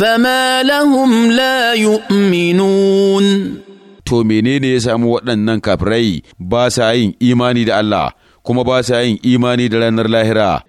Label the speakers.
Speaker 1: فما لهم لا يؤمنون to menene ya samu waɗannan kafirai ba sa yin imani da Allah kuma ba sa yin imani
Speaker 2: da ranar lahira